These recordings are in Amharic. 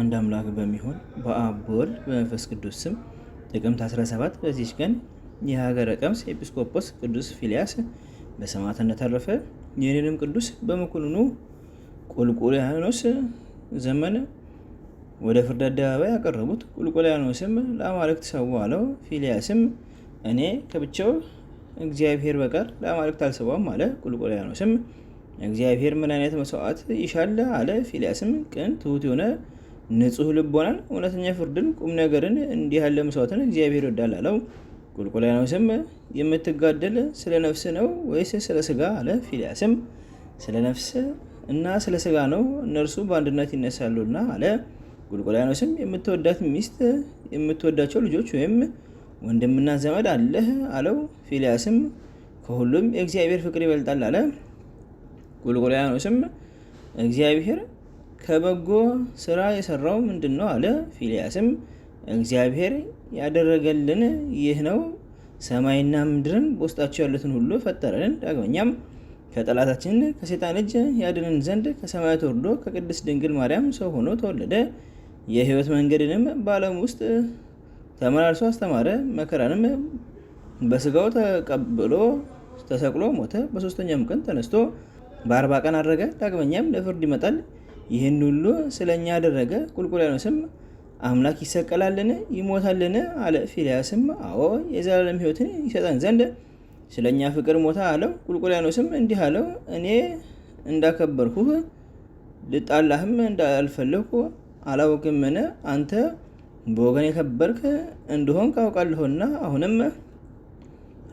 አንድ አምላክ በሚሆን በአብ በወልድ በመንፈስ ቅዱስ ስም ጥቅምት 17 በዚች ቀን የሀገረ ቀምስ ኤጲስቆጶስ ቅዱስ ፊልያስ በሰማዕትነት አረፈ። ይህንንም ቅዱስ በመኮንኑ ቁልቁልያኖስ ዘመን ወደ ፍርድ አደባባይ ያቀረቡት። ቁልቁልያኖስም ለአማልክት ሰዋ አለው። ፊልያስም እኔ ከብቻው እግዚአብሔር በቀር ለአማልክት አልሰዋም አለ። ቁልቁልያኖስም እግዚአብሔር ምን አይነት መስዋዕት ይሻል አለ። ፊልያስም ቅን ትሁት የሆነ ንጹህ ልቦናን፣ እውነተኛ ፍርድን፣ ቁም ነገርን እንዲህ ያለ መስዋዕትን እግዚአብሔር ይወዳል አለው። ቁልቁልያኖስም የምትጋደል ስለ ነፍስ ነው ወይስ ስለ ስጋ አለ። ፊልያስም ስለ ነፍስ እና ስለ ስጋ ነው፣ እነርሱ በአንድነት ይነሳሉና አለ። ቁልቁልያኖስም የምትወዳት ሚስት፣ የምትወዳቸው ልጆች ወይም ወንድምና ዘመድ አለህ አለው። ፊልያስም ከሁሉም የእግዚአብሔር ፍቅር ይበልጣል አለ። ቁልቁልያኖስም እግዚአብሔር ከበጎ ስራ የሰራው ምንድን ነው አለ። ፊልያስም እግዚአብሔር ያደረገልን ይህ ነው፣ ሰማይና ምድርን በውስጣቸው ያሉትን ሁሉ ፈጠረልን። ዳግመኛም ከጠላታችን ከሴጣን እጅ ያድንን ዘንድ ከሰማያት ወርዶ ከቅድስት ድንግል ማርያም ሰው ሆኖ ተወለደ። የህይወት መንገድንም በዓለም ውስጥ ተመላልሶ አስተማረ። መከራንም በስጋው ተቀብሎ ተሰቅሎ ሞተ። በሶስተኛም ቀን ተነስቶ በአርባ ቀን አድረገ። ዳግመኛም ለፍርድ ይመጣል። ይህን ሁሉ ስለ እኛ ያደረገ ቁልቁልያኖስም አምላክ ይሰቀላልን ይሞታልን አለ። ፊልያስም አዎ የዘላለም ሕይወትን ይሰጠን ዘንድ ስለ እኛ ፍቅር ሞታ አለው። ቁልቁልያኖስም እንዲህ አለው፣ እኔ እንዳከበርኩህ ልጣላህም እንዳልፈለግኩ አላወቅምን? አንተ በወገን የከበርክ እንደሆን ካውቃለሁና አሁንም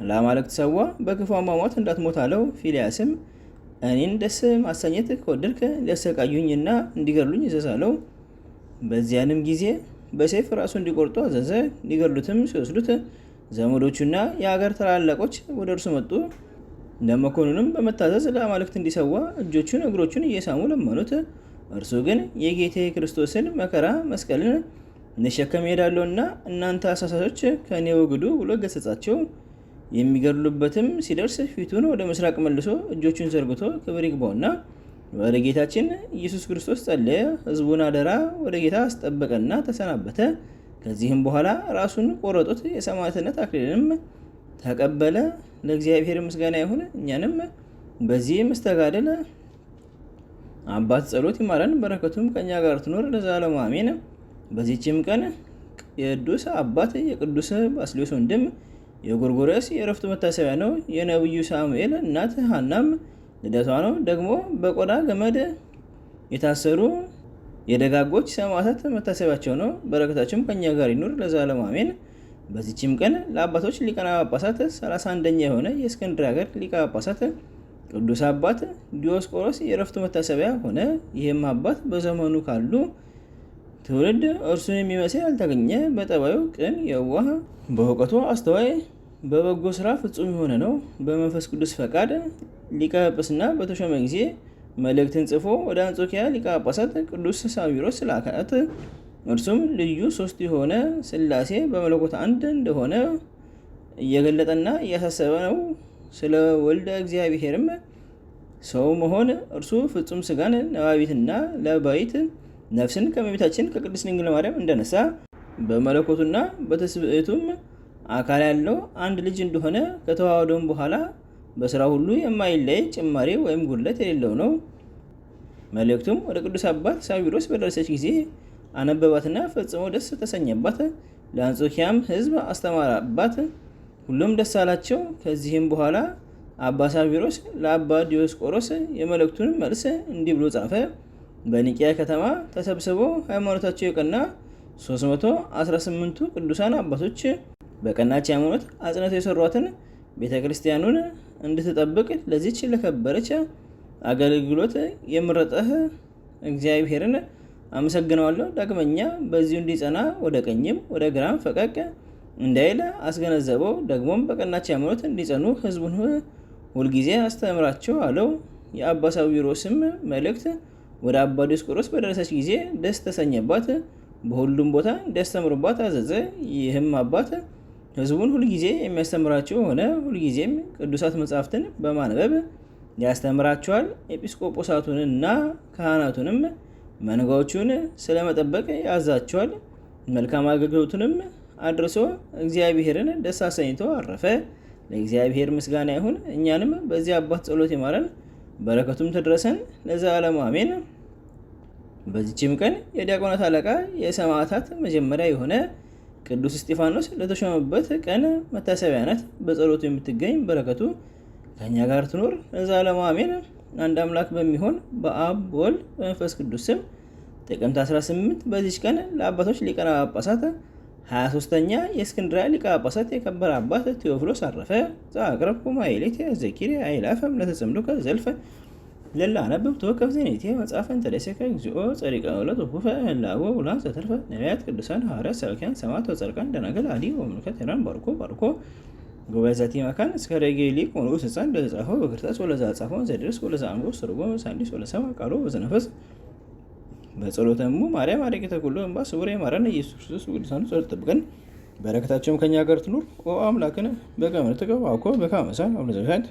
ለአማልክት ሰዋ በክፉ አሟሟት እንዳትሞት አለው። ፊልያስም እኔን ደስ ማሰኘት ከወደድክ ሊያሰቃዩኝና እንዲገድሉኝ እዘዛለው። በዚያንም ጊዜ በሰይፍ ራሱ እንዲቆርጡ አዘዘ። እንዲገድሉትም ሲወስዱት ዘመዶቹና የአገር ታላላቆች ወደ እርሱ መጡ። ለመኮንኑም በመታዘዝ ለአማልክት እንዲሰዋ እጆቹን እግሮቹን እየሳሙ ለመኑት። እርሱ ግን የጌቴ ክርስቶስን መከራ መስቀልን እንሸከም እሄዳለሁና እናንተ አሳሳቾች ከእኔ ወግዱ ብሎ ገሰጻቸው። የሚገድሉበትም ሲደርስ ፊቱን ወደ ምስራቅ መልሶ እጆቹን ዘርግቶ ክብር ይግባውና ወደ ጌታችን ኢየሱስ ክርስቶስ ጸለየ። ህዝቡን አደራ ወደ ጌታ አስጠበቀና ተሰናበተ። ከዚህም በኋላ ራሱን ቆረጡት፣ የሰማዕትነት አክሊልንም ተቀበለ። ለእግዚአብሔር ምስጋና ይሁን። እኛንም በዚህ መስተጋደል አባት ጸሎት ይማረን፣ በረከቱም ከእኛ ጋር ትኖር ለዘላለሙ አሜን። በዚህችም ቀን የቅዱስ አባት የቅዱስ ባስልዮስ ወንድም የጎርጎርዮስ የእረፍቱ መታሰቢያ ነው። የነቢዩ ሳሙኤል እናት ሃናም ልደቷ ነው። ደግሞ በቆዳ ገመድ የታሰሩ የደጋጎች ሰማዕታት መታሰቢያቸው ነው። በረከታቸውም ከኛ ጋር ይኑር ለዘላለሙ አሜን። በዚችም ቀን ለአባቶች ሊቀና ጳጳሳት 31ኛ የሆነ የእስክንድር ሀገር ሊቀ ጳጳሳት ቅዱስ አባት ዲዮስቆሮስ የእረፍቱ መታሰቢያ ሆነ። ይህም አባት በዘመኑ ካሉ ትውልድ እርሱን የሚመስል ያልተገኘ በጠባዩ ቅን፣ የዋህ፣ በእውቀቱ አስተዋይ፣ በበጎ ስራ ፍጹም የሆነ ነው። በመንፈስ ቅዱስ ፈቃድ ሊቀ ጵጵስና በተሾመ ጊዜ መልእክትን ጽፎ ወደ አንጾኪያ ሊቀ ጳጳሳት ቅዱስ ሳዊሮስ ላካት። እርሱም ልዩ ሶስት የሆነ ስላሴ በመለኮት አንድ እንደሆነ እየገለጠና እያሳሰበ ነው። ስለ ወልደ እግዚአብሔርም ሰው መሆን እርሱ ፍጹም ስጋን ነባቢትና ለባይት ነፍስን ከመቤታችን ከቅድስት ድንግል ማርያም እንደነሳ በመለኮቱና በትስብእቱም አካል ያለው አንድ ልጅ እንደሆነ ከተዋህዶም በኋላ በስራ ሁሉ የማይለይ ጭማሪ ወይም ጉድለት የሌለው ነው። መልእክቱም ወደ ቅዱስ አባት ሳቢሮስ በደረሰች ጊዜ አነበባትና ፈጽሞ ደስ ተሰኘባት። ለአንጾኪያም ሕዝብ አስተማራባት፣ ሁሉም ደስ አላቸው። ከዚህም በኋላ አባ ሳቢሮስ ለአባ ዲዮስቆሮስ የመልእክቱን መልስ እንዲህ ብሎ ጻፈ። በኒቅያ ከተማ ተሰብስቦ ሃይማኖታቸው የቀና 318ቱ ቅዱሳን አባቶች በቀናች ሃይማኖት አጽነት የሰሯትን ቤተ ክርስቲያኑን እንድትጠብቅ ለዚች ለከበረች አገልግሎት የምረጠህ እግዚአብሔርን አመሰግነዋለሁ። ዳግመኛ በዚሁ እንዲጸና ወደ ቀኝም ወደ ግራም ፈቀቅ እንዳይል አስገነዘበው። ደግሞም በቀናች ሃይማኖት እንዲጸኑ ህዝቡን ሁልጊዜ አስተምራቸው አለው። የአባ ሳዊሮስም መልእክት ወደ አባ ዲዮስቆሮስ በደረሰች ጊዜ ደስ ተሰኘባት፣ በሁሉም ቦታ እንዲያስተምሩባት አዘዘ። ይህም አባት ህዝቡን ሁልጊዜ የሚያስተምራቸው ሆነ። ሁልጊዜም ቅዱሳት መጻሕፍትን በማንበብ ያስተምራቸዋል። ኤጲስቆጶሳቱን እና ካህናቱንም መንጋዎቹን ስለመጠበቅ ያዛቸዋል። መልካም አገልግሎቱንም አድርሶ እግዚአብሔርን ደስ አሰኝቶ አረፈ። ለእግዚአብሔር ምስጋና ይሁን፣ እኛንም በዚህ አባት ጸሎት ይማረን። በረከቱም ትድረሰን ለዘላለም አሜን። በዚችም ቀን የዲያቆናት አለቃ የሰማዕታት መጀመሪያ የሆነ ቅዱስ እስጢፋኖስ ለተሾመበት ቀን መታሰቢያ ናት። በጸሎቱ የምትገኝ በረከቱ ከእኛ ጋር ትኖር ለዘላለም አሜን። አንድ አምላክ በሚሆን በአብ በወልድ በመንፈስ ቅዱስ ስም ጥቅምት 18 በዚች ቀን ለአባቶች ሊቃነ ጳጳሳት 23ኛ የእስክንድርያ ሊቀ ጳጳሳት የከበረ አባት ቴዎፍሎስ አረፈ። ዘአቅረብኩማ ዘኪሪ አይላፈም አእላፈ እምነተ ለላ ዘልፈ ተወከፍ ከብዜኔቴ መጽሐፈን ተደሴከ እግዚኦ ጸሪቀ ውለት ሁፈ ላወ ውላ ዘተርፈ ነቢያት ቅዱሳን ሐዋርያት ሰብኪያን ሰማዕት ወጻድቃን ደናግል አዲ ወምልከት ሄራን ባርኮ ባርኮ ጉባኤዛቲ መካን እስከ ረጌ ሊቅ ወንዑስ ሕፃን ለተጻፈው በክርታስ ወለዛ ጻፈውን ዘድርስ ወለዛ አንጎስ ስርጎ ሳንዲስ ወለሰማ ቃሎ በዘነፈስ በጸሎተሙ ማርያም አረቂተ ኩሉ እንባ ስውሬ ማረነ ኢየሱስ ክርስቶስ ውቅዱሳኑ ጸሎት ጠብቀን በረከታቸውም ከኛ ጋር ትኑር። ኦ አምላክን በከመ ንትቀብ አኮ በካመ መሳን አብነ